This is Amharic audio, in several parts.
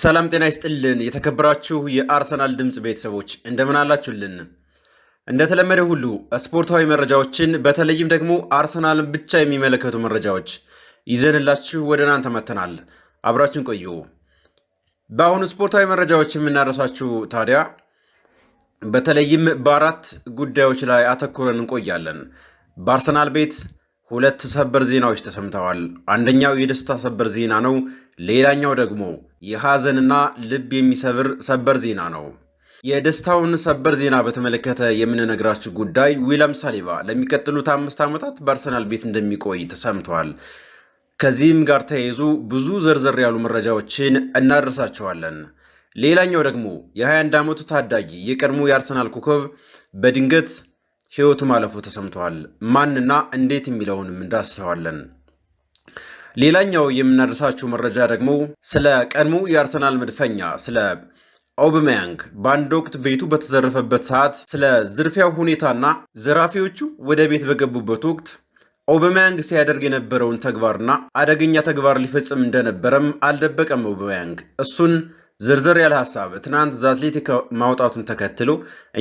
ሰላም ጤና ይስጥልን። የተከበራችሁ የአርሰናል ድምፅ ቤተሰቦች እንደምን አላችሁልን? እንደተለመደ ሁሉ ስፖርታዊ መረጃዎችን በተለይም ደግሞ አርሰናልን ብቻ የሚመለከቱ መረጃዎች ይዘንላችሁ ወደ እናንተ መጥተናል። አብራችን ቆዩ። በአሁኑ ስፖርታዊ መረጃዎች የምናደርሳችሁ ታዲያ በተለይም በአራት ጉዳዮች ላይ አተኩረን እንቆያለን። በአርሰናል ቤት ሁለት ሰበር ዜናዎች ተሰምተዋል። አንደኛው የደስታ ሰበር ዜና ነው። ሌላኛው ደግሞ የሐዘንና ልብ የሚሰብር ሰበር ዜና ነው። የደስታውን ሰበር ዜና በተመለከተ የምንነግራችሁ ጉዳይ ዊሊያም ሳሊባ ለሚቀጥሉት አምስት ዓመታት በአርሰናል ቤት እንደሚቆይ ተሰምቷል። ከዚህም ጋር ተያይዞ ብዙ ዘርዘር ያሉ መረጃዎችን እናደርሳቸዋለን። ሌላኛው ደግሞ የ21 ዓመቱ ታዳጊ የቀድሞ የአርሰናል ኮከብ በድንገት ሕይወቱ ማለፉ ተሰምቷል። ማንና እንዴት የሚለውንም እንዳስሰዋለን። ሌላኛው የምናደርሳችሁ መረጃ ደግሞ ስለ ቀድሞ የአርሰናል መድፈኛ ስለ ኦብሜያንግ በአንድ ወቅት ቤቱ በተዘረፈበት ሰዓት ስለ ዝርፊያው ሁኔታና ዘራፊዎቹ ወደ ቤት በገቡበት ወቅት ኦበማያንግ ሲያደርግ የነበረውን ተግባርና አደገኛ ተግባር ሊፈጽም እንደነበረም አልደበቀም። ኦበማያንግ እሱን ዝርዝር ያለ ሀሳብ ትናንት ዘአትሌቲክ ማውጣቱን ተከትሎ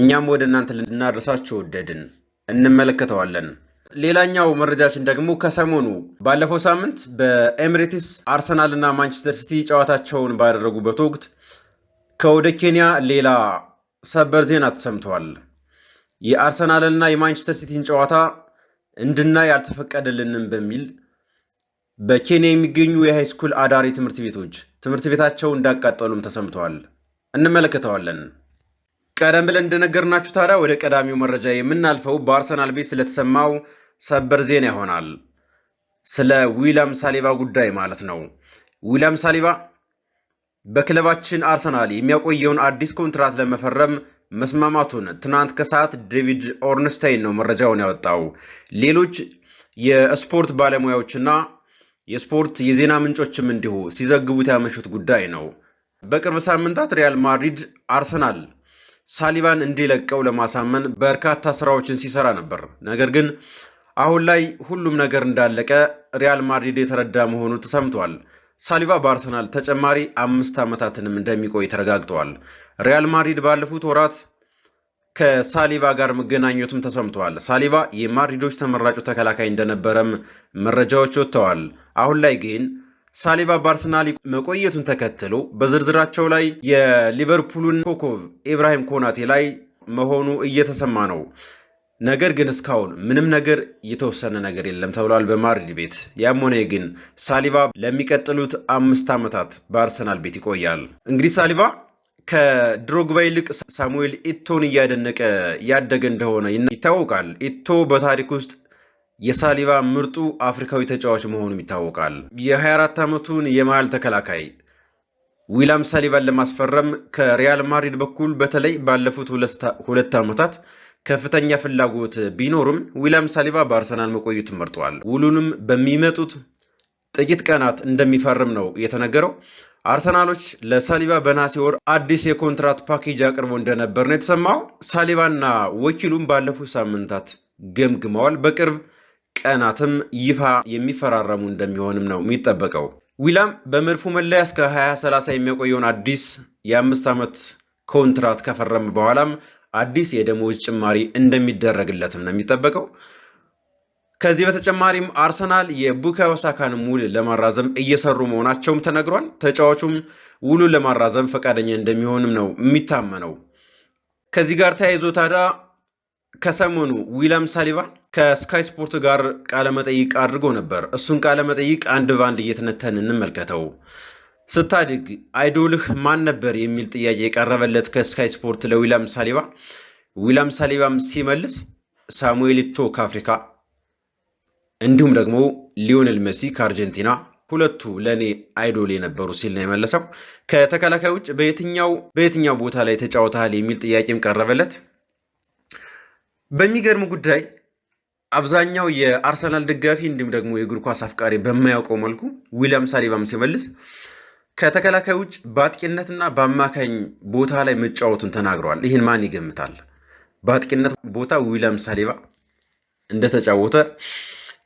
እኛም ወደ እናንተ ልናደርሳችሁ ወደድን፣ እንመለከተዋለን። ሌላኛው መረጃችን ደግሞ ከሰሞኑ ባለፈው ሳምንት በኤምሬትስ አርሰናል እና ማንቸስተር ሲቲ ጨዋታቸውን ባደረጉበት ወቅት ከወደ ኬንያ ሌላ ሰበር ዜና ተሰምተዋል። የአርሰናልና የማንቸስተር ሲቲን ጨዋታ እንድናይ አልተፈቀደልንም በሚል በኬንያ የሚገኙ የሃይስኩል አዳሪ ትምህርት ቤቶች ትምህርት ቤታቸውን እንዳቃጠሉም ተሰምተዋል። እንመለከተዋለን። ቀደም ብለን እንደነገርናችሁ ታዲያ ወደ ቀዳሚው መረጃ የምናልፈው በአርሰናል ቤት ስለተሰማው ሰበር ዜና ይሆናል። ስለ ዊሊያም ሳሊባ ጉዳይ ማለት ነው። ዊሊያም ሳሊባ በክለባችን አርሰናል የሚያቆየውን አዲስ ኮንትራት ለመፈረም መስማማቱን ትናንት ከሰዓት ዴቪድ ኦርንስታይን ነው መረጃውን ያወጣው። ሌሎች የስፖርት ባለሙያዎችና የስፖርት የዜና ምንጮችም እንዲሁ ሲዘግቡት ያመሹት ጉዳይ ነው። በቅርብ ሳምንታት ሪያል ማድሪድ አርሰናል ሳሊባን እንዲለቀው ለማሳመን በርካታ ስራዎችን ሲሰራ ነበር። ነገር ግን አሁን ላይ ሁሉም ነገር እንዳለቀ ሪያል ማድሪድ የተረዳ መሆኑ ተሰምቷል። ሳሊባ በአርሰናል ተጨማሪ አምስት ዓመታትንም እንደሚቆይ ተረጋግጠዋል። ሪያል ማድሪድ ባለፉት ወራት ከሳሊባ ጋር መገናኘቱም ተሰምቷል። ሳሊባ የማድሪዶች ተመራጩ ተከላካይ እንደነበረም መረጃዎች ወጥተዋል። አሁን ላይ ግን ሳሊባ በአርሰናል መቆየቱን ተከትሎ በዝርዝራቸው ላይ የሊቨርፑሉን ኮከብ ኢብራሂም ኮናቴ ላይ መሆኑ እየተሰማ ነው። ነገር ግን እስካሁን ምንም ነገር የተወሰነ ነገር የለም ተብሏል በማድሪድ ቤት። ያም ሆነ ግን ሳሊባ ለሚቀጥሉት አምስት ዓመታት በአርሰናል ቤት ይቆያል። እንግዲህ ሳሊባ ከድሮግባ ይልቅ ሳሙኤል ኢቶን እያደነቀ ያደገ እንደሆነ ይታወቃል። ኢቶ በታሪክ ውስጥ የሳሊባ ምርጡ አፍሪካዊ ተጫዋች መሆኑም ይታወቃል። የ24 ዓመቱን የመሃል ተከላካይ ዊላም ሳሊባን ለማስፈረም ከሪያል ማድሪድ በኩል በተለይ ባለፉት ሁለት ዓመታት ከፍተኛ ፍላጎት ቢኖርም ዊላም ሳሊባ በአርሰናል መቆየት መርጧል። ውሉንም በሚመጡት ጥቂት ቀናት እንደሚፈርም ነው የተነገረው። አርሰናሎች ለሳሊባ በነሐሴ ወር አዲስ የኮንትራት ፓኬጅ አቅርቦ እንደነበር ነው የተሰማው። ሳሊባና ወኪሉም ባለፉት ሳምንታት ገምግመዋል። በቅርብ ቀናትም ይፋ የሚፈራረሙ እንደሚሆንም ነው የሚጠበቀው። ዊላም በመድፉ መለያ እስከ 2030 የሚያቆየውን አዲስ የአምስት ዓመት ኮንትራት ከፈረመ በኋላም አዲስ የደሞዝ ጭማሪ እንደሚደረግለትም ነው የሚጠበቀው። ከዚህ በተጨማሪም አርሰናል የቡካዮ ሳካን ውል ለማራዘም እየሰሩ መሆናቸውም ተነግሯል። ተጫዋቹም ውሉን ለማራዘም ፈቃደኛ እንደሚሆንም ነው የሚታመነው። ከዚህ ጋር ተያይዞ ታዲያ ከሰሞኑ ዊላም ሳሊባ ከስካይ ስፖርት ጋር ቃለመጠይቅ አድርጎ ነበር። እሱን ቃለመጠይቅ አንድ ባንድ እየተነተን እንመልከተው። ስታድግ አይዶልህ ማን ነበር የሚል ጥያቄ የቀረበለት ከስካይ ስፖርት ለዊላም ሳሊባ፣ ዊላም ሳሊባም ሲመልስ ሳሙኤል ኢቶ ከአፍሪካ እንዲሁም ደግሞ ሊዮኔል መሲ ከአርጀንቲና ሁለቱ ለእኔ አይዶል የነበሩ ሲል ነው የመለሰው። ከተከላካይ ውጭ በየትኛው ቦታ ላይ ተጫውተሃል የሚል ጥያቄም ቀረበለት። በሚገርም ጉዳይ አብዛኛው የአርሰናል ደጋፊ እንዲሁም ደግሞ የእግር ኳስ አፍቃሪ በማያውቀው መልኩ ዊሊያም ሳሊባም ሲመልስ ከተከላካይ ውጭ በአጥቂነትና በአማካኝ ቦታ ላይ መጫወቱን ተናግረዋል። ይህን ማን ይገምታል? በአጥቂነት ቦታ ዊሊያም ሳሊባ እንደተጫወተ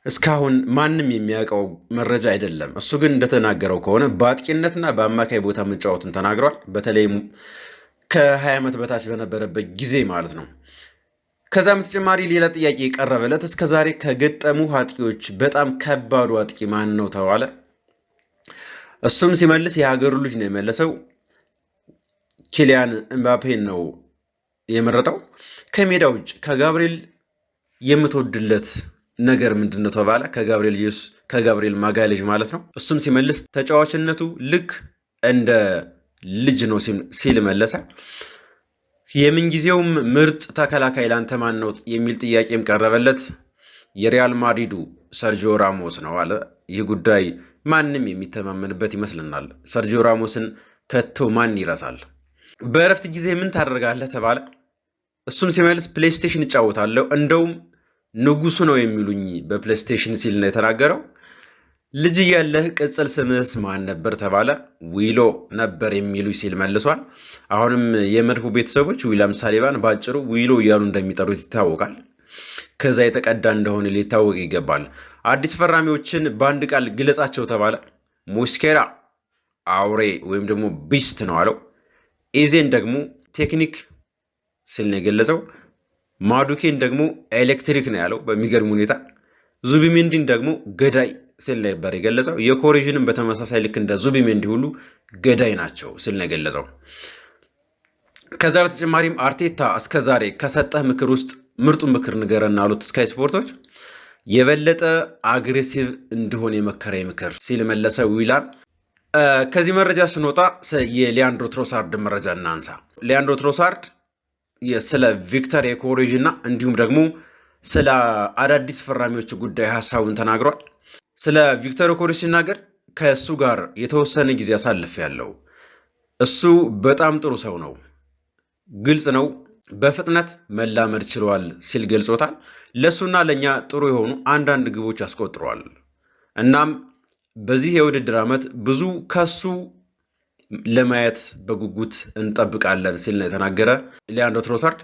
እስካሁን ማንም የሚያውቀው መረጃ አይደለም። እሱ ግን እንደተናገረው ከሆነ በአጥቂነትና በአማካኝ ቦታ መጫወቱን ተናግረዋል። በተለይም ከ20 ዓመት በታች በነበረበት ጊዜ ማለት ነው። ከዛም በተጨማሪ ሌላ ጥያቄ የቀረበለት እስከዛሬ ከገጠሙ አጥቂዎች በጣም ከባዱ አጥቂ ማን ነው ተባለ። እሱም ሲመልስ የሀገሩ ልጅ ነው የመለሰው። ኪሊያን እምባፔን ነው የመረጠው። ከሜዳ ውጭ ከጋብርኤል የምትወድለት ነገር ምንድን ነው ተባለ። ከጋብርኤል ኢየሱስ ከጋብርኤል ማጋሌዥ ማለት ነው። እሱም ሲመልስ ተጫዋችነቱ ልክ እንደ ልጅ ነው ሲል መለሰ። የምንጊዜውም ምርጥ ተከላካይ ላንተ ማን ነው የሚል ጥያቄም ቀረበለት። የሪያል ማድሪዱ ሰርጂዮ ራሞስ ነው አለ። ይህ ጉዳይ ማንም የሚተማመንበት ይመስልናል። ሰርጂዮ ራሞስን ከቶ ማን ይረሳል? በእረፍት ጊዜ ምን ታደርጋለህ ተባለ። እሱም ሲመልስ ፕሌይስቴሽን እጫወታለሁ፣ እንደውም ንጉሱ ነው የሚሉኝ በፕሌይስቴሽን ሲል ነው የተናገረው። ልጅ እያለህ ቅጽል ስምህስ ማን ነበር ተባለ። ዊሎ ነበር የሚሉ ሲል መልሷል። አሁንም የመድፉ ቤተሰቦች ዊላም ሳሊባን በአጭሩ ዊሎ እያሉ እንደሚጠሩት ይታወቃል። ከዛ የተቀዳ እንደሆነ ሊታወቅ ይገባል። አዲስ ፈራሚዎችን በአንድ ቃል ግለጻቸው ተባለ። ሙስኬራ አውሬ ወይም ደግሞ ቢስት ነው አለው። ኢዜን ደግሞ ቴክኒክ ሲል ነው የገለጸው። ማዱኬን ደግሞ ኤሌክትሪክ ነው ያለው በሚገርም ሁኔታ። ዙቢሜንዲን ደግሞ ገዳይ ሲል ነበር የገለጸው። የኮሪዥንም በተመሳሳይ ልክ እንደ ዙቢሜንዲ እንዲሁሉ ገዳይ ናቸው ሲል ነው የገለጸው። ከዛ በተጨማሪም አርቴታ እስከ ዛሬ ከሰጠህ ምክር ውስጥ ምርጡ ምክር ንገረና አሉት ስካይ ስፖርቶች። የበለጠ አግሬሲቭ እንደሆነ የመከራዊ ምክር ሲል መለሰ ዊላን። ከዚህ መረጃ ስንወጣ የሊያንድሮ ትሮሳርድ መረጃ እናንሳ። ሊያንድሮ ትሮሳርድ ስለ ቪክተር የኮሬዥ እና እንዲሁም ደግሞ ስለ አዳዲስ ፈራሚዎች ጉዳይ ሀሳቡን ተናግሯል። ስለ ቪክተር ኮሪ ሲናገር ከእሱ ጋር የተወሰነ ጊዜ አሳልፍ ያለው እሱ በጣም ጥሩ ሰው ነው፣ ግልጽ ነው፣ በፍጥነት መላመድ ችሏል ሲል ገልጾታል። ለእሱና ለእኛ ጥሩ የሆኑ አንዳንድ ግቦች አስቆጥሯል። እናም በዚህ የውድድር ዓመት ብዙ ከሱ ለማየት በጉጉት እንጠብቃለን ሲል ነው የተናገረ ሊያንዶ ትሮሳርድ።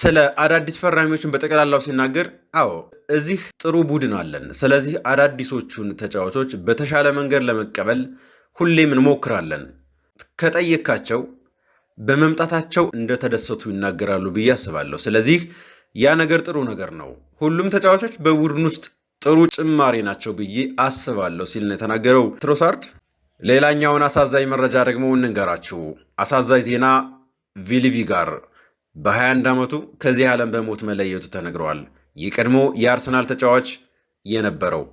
ስለ አዳዲስ ፈራሚዎችን በጠቅላላው ሲናገር፣ አዎ እዚህ ጥሩ ቡድን አለን። ስለዚህ አዳዲሶቹን ተጫዋቾች በተሻለ መንገድ ለመቀበል ሁሌም እንሞክራለን። ከጠየካቸው በመምጣታቸው እንደተደሰቱ ይናገራሉ ብዬ አስባለሁ። ስለዚህ ያ ነገር ጥሩ ነገር ነው። ሁሉም ተጫዋቾች በቡድን ውስጥ ጥሩ ጭማሪ ናቸው ብዬ አስባለሁ ሲል ነው የተናገረው ትሮሳርድ። ሌላኛውን አሳዛኝ መረጃ ደግሞ እንንገራችሁ። አሳዛኝ ዜና ቪሊቪ ጋር በ21 ዓመቱ ከዚህ ዓለም በሞት መለየቱ ተነግረዋል። የቀድሞ የአርሰናል ተጫዋች የነበረው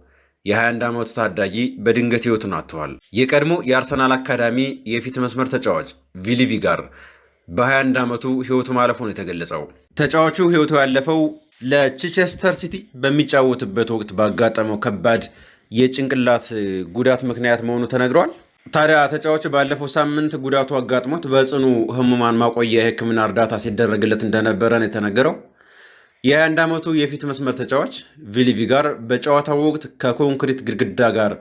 የ21 ዓመቱ ታዳጊ በድንገት ሕይወቱን አጥተዋል። የቀድሞ የአርሰናል አካዳሚ የፊት መስመር ተጫዋች ቪሊቪ ጋር በ21 ዓመቱ ሕይወቱ ማለፉ ነው የተገለጸው። ተጫዋቹ ሕይወቱ ያለፈው ለቺቸስተር ሲቲ በሚጫወትበት ወቅት ባጋጠመው ከባድ የጭንቅላት ጉዳት ምክንያት መሆኑ ተነግሯል። ታዲያ ተጫዋቹ ባለፈው ሳምንት ጉዳቱ አጋጥሞት በጽኑ ህሙማን ማቆያ የህክምና እርዳታ ሲደረግለት እንደነበረ ነው የተነገረው። የ21 ዓመቱ የፊት መስመር ተጫዋች ጋር በጨዋታው ወቅት ከኮንክሪት ግድግዳ ጋር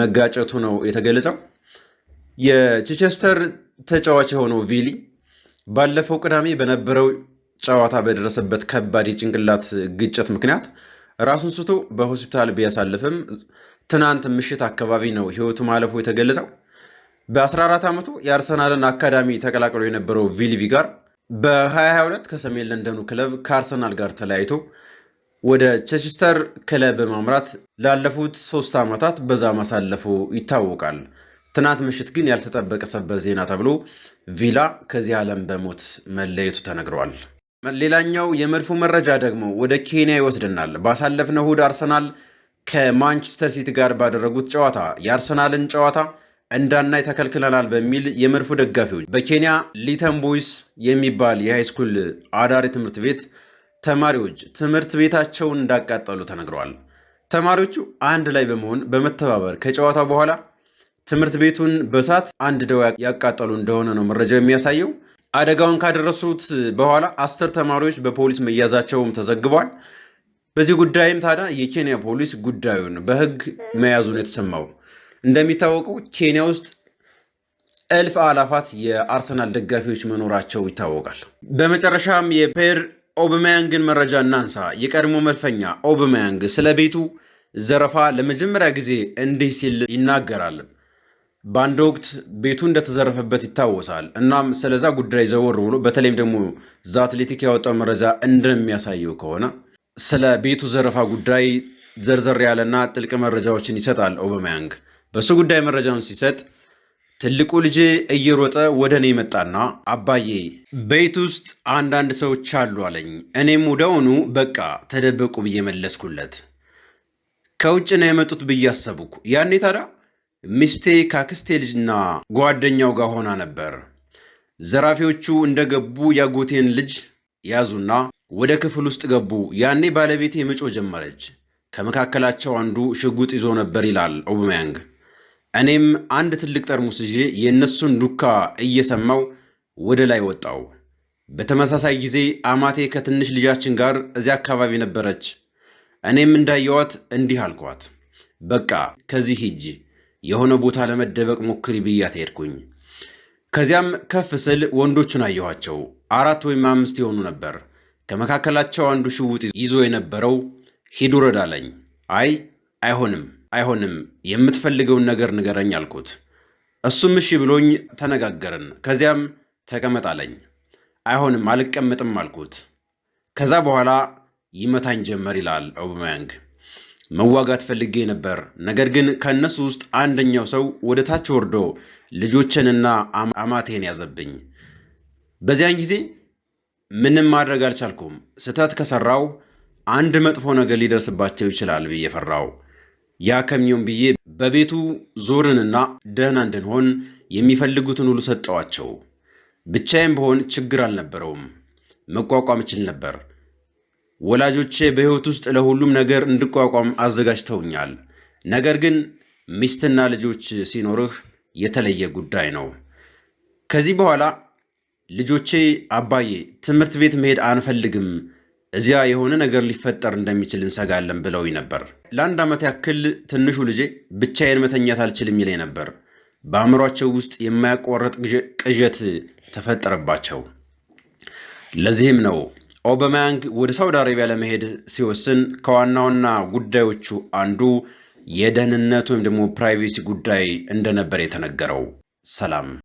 መጋጨቱ ነው የተገለጸው። የቺቸስተር ተጫዋች የሆነው ቪሊ ባለፈው ቅዳሜ በነበረው ጨዋታ በደረሰበት ከባድ የጭንቅላት ግጭት ምክንያት ራሱን ስቶ በሆስፒታል ቢያሳልፍም ትናንት ምሽት አካባቢ ነው ህይወቱ ማለፉ የተገለጸው። በ14 ዓመቱ የአርሰናልን አካዳሚ ተቀላቅሎ የነበረው ቪልቪ ጋር በ2022 ከሰሜን ለንደኑ ክለብ ከአርሰናል ጋር ተለያይቶ ወደ ቸችስተር ክለብ በማምራት ላለፉት ሶስት ዓመታት በዛ ማሳለፉ ይታወቃል። ትናንት ምሽት ግን ያልተጠበቀ ሰበር ዜና ተብሎ ቪላ ከዚህ ዓለም በሞት መለየቱ ተነግረዋል። ሌላኛው የመድፉ መረጃ ደግሞ ወደ ኬንያ ይወስድናል። ባሳለፍነው እሁድ አርሰናል ከማንቸስተር ሲቲ ጋር ባደረጉት ጨዋታ የአርሰናልን ጨዋታ እንዳናይ ተከልክለናል በሚል የመድፎ ደጋፊዎች በኬንያ ሊተንቦይስ የሚባል የሃይስኩል አዳሪ ትምህርት ቤት ተማሪዎች ትምህርት ቤታቸውን እንዳቃጠሉ ተነግረዋል። ተማሪዎቹ አንድ ላይ በመሆን በመተባበር ከጨዋታ በኋላ ትምህርት ቤቱን በእሳት አንድ ያቃጠሉ እንደሆነ ነው መረጃው የሚያሳየው። አደጋውን ካደረሱት በኋላ አስር ተማሪዎች በፖሊስ መያዛቸውም ተዘግቧል። በዚህ ጉዳይም ታዲያ የኬንያ ፖሊስ ጉዳዩን በሕግ መያዙን የተሰማው እንደሚታወቀው ኬንያ ውስጥ እልፍ አላፋት የአርሰናል ደጋፊዎች መኖራቸው ይታወቃል። በመጨረሻም የፔር ኦብማያንግን መረጃ እናንሳ። የቀድሞ መድፈኛ ኦብማያንግ ስለ ቤቱ ዘረፋ ለመጀመሪያ ጊዜ እንዲህ ሲል ይናገራል። በአንድ ወቅት ቤቱ እንደተዘረፈበት ይታወሳል። እናም ስለዛ ጉዳይ ዘወር ብሎ በተለይም ደግሞ ዘ አትሌቲክ ያወጣው መረጃ እንደሚያሳየው ከሆነ ስለ ቤቱ ዘረፋ ጉዳይ ዘርዘር ያለና ጥልቅ መረጃዎችን ይሰጣል ኦብማያንግ በእሱ ጉዳይ መረጃውን ሲሰጥ ትልቁ ልጄ እየሮጠ ወደ እኔ መጣና አባዬ ቤት ውስጥ አንዳንድ ሰዎች አሉ አለኝ። እኔም ወደውኑ በቃ ተደበቁ ብዬ መለስኩለት። ከውጭ ነው የመጡት ብዬ አሰብኩ። ያኔ ታዲያ ሚስቴ ካክስቴ ልጅና ጓደኛው ጋር ሆና ነበር። ዘራፊዎቹ እንደገቡ ያጎቴን ልጅ ያዙና ወደ ክፍል ውስጥ ገቡ። ያኔ ባለቤቴ ምጮ ጀመረች። ከመካከላቸው አንዱ ሽጉጥ ይዞ ነበር ይላል ኦብማያንግ እኔም አንድ ትልቅ ጠርሙስ ይዤ የእነሱን ዱካ እየሰማው ወደ ላይ ወጣው። በተመሳሳይ ጊዜ አማቴ ከትንሽ ልጃችን ጋር እዚያ አካባቢ ነበረች። እኔም እንዳየዋት እንዲህ አልኳት፣ በቃ ከዚህ ሂጂ፣ የሆነ ቦታ ለመደበቅ ሞክሪ ብያት ሄድኩኝ። ከዚያም ከፍ ስል ወንዶቹን አየኋቸው። አራት ወይም አምስት የሆኑ ነበር። ከመካከላቸው አንዱ ሽውጥ ይዞ የነበረው ሂድ ውረድ አለኝ። አይ አይሆንም አይሆንም፣ የምትፈልገውን ነገር ንገረኝ አልኩት። እሱም እሺ ብሎኝ ተነጋገርን። ከዚያም ተቀመጣለኝ። አይሆንም፣ አልቀመጥም አልኩት። ከዛ በኋላ ይመታኝ ጀመር ይላል ኦባሜያንግ። መዋጋት ፈልጌ ነበር፣ ነገር ግን ከእነሱ ውስጥ አንደኛው ሰው ወደ ታች ወርዶ ልጆችንና አማቴን ያዘብኝ። በዚያን ጊዜ ምንም ማድረግ አልቻልኩም። ስህተት ከሰራው አንድ መጥፎ ነገር ሊደርስባቸው ይችላል ብዬ ፈራው። ያ ከሚሆን ብዬ በቤቱ ዞርንና ደህና እንድንሆን የሚፈልጉትን ሁሉ ሰጠዋቸው። ብቻዬም በሆን ችግር አልነበረውም፣ መቋቋም እችል ነበር። ወላጆቼ በሕይወት ውስጥ ለሁሉም ነገር እንድቋቋም አዘጋጅተውኛል። ነገር ግን ሚስትና ልጆች ሲኖርህ የተለየ ጉዳይ ነው። ከዚህ በኋላ ልጆቼ አባዬ ትምህርት ቤት መሄድ አንፈልግም እዚያ የሆነ ነገር ሊፈጠር እንደሚችል እንሰጋለን ብለውኝ ነበር። ለአንድ ዓመት ያክል ትንሹ ልጄ ብቻዬን መተኛት አልችልም ይለኝ ነበር። በአእምሯቸው ውስጥ የማያቋረጥ ቅዠት ተፈጠረባቸው። ለዚህም ነው ኦበማያንግ ወደ ሳውዲ አረቢያ ለመሄድ ሲወስን ከዋና ዋና ጉዳዮቹ አንዱ የደህንነት ወይም ደግሞ ፕራይቬሲ ጉዳይ እንደነበር የተነገረው። ሰላም።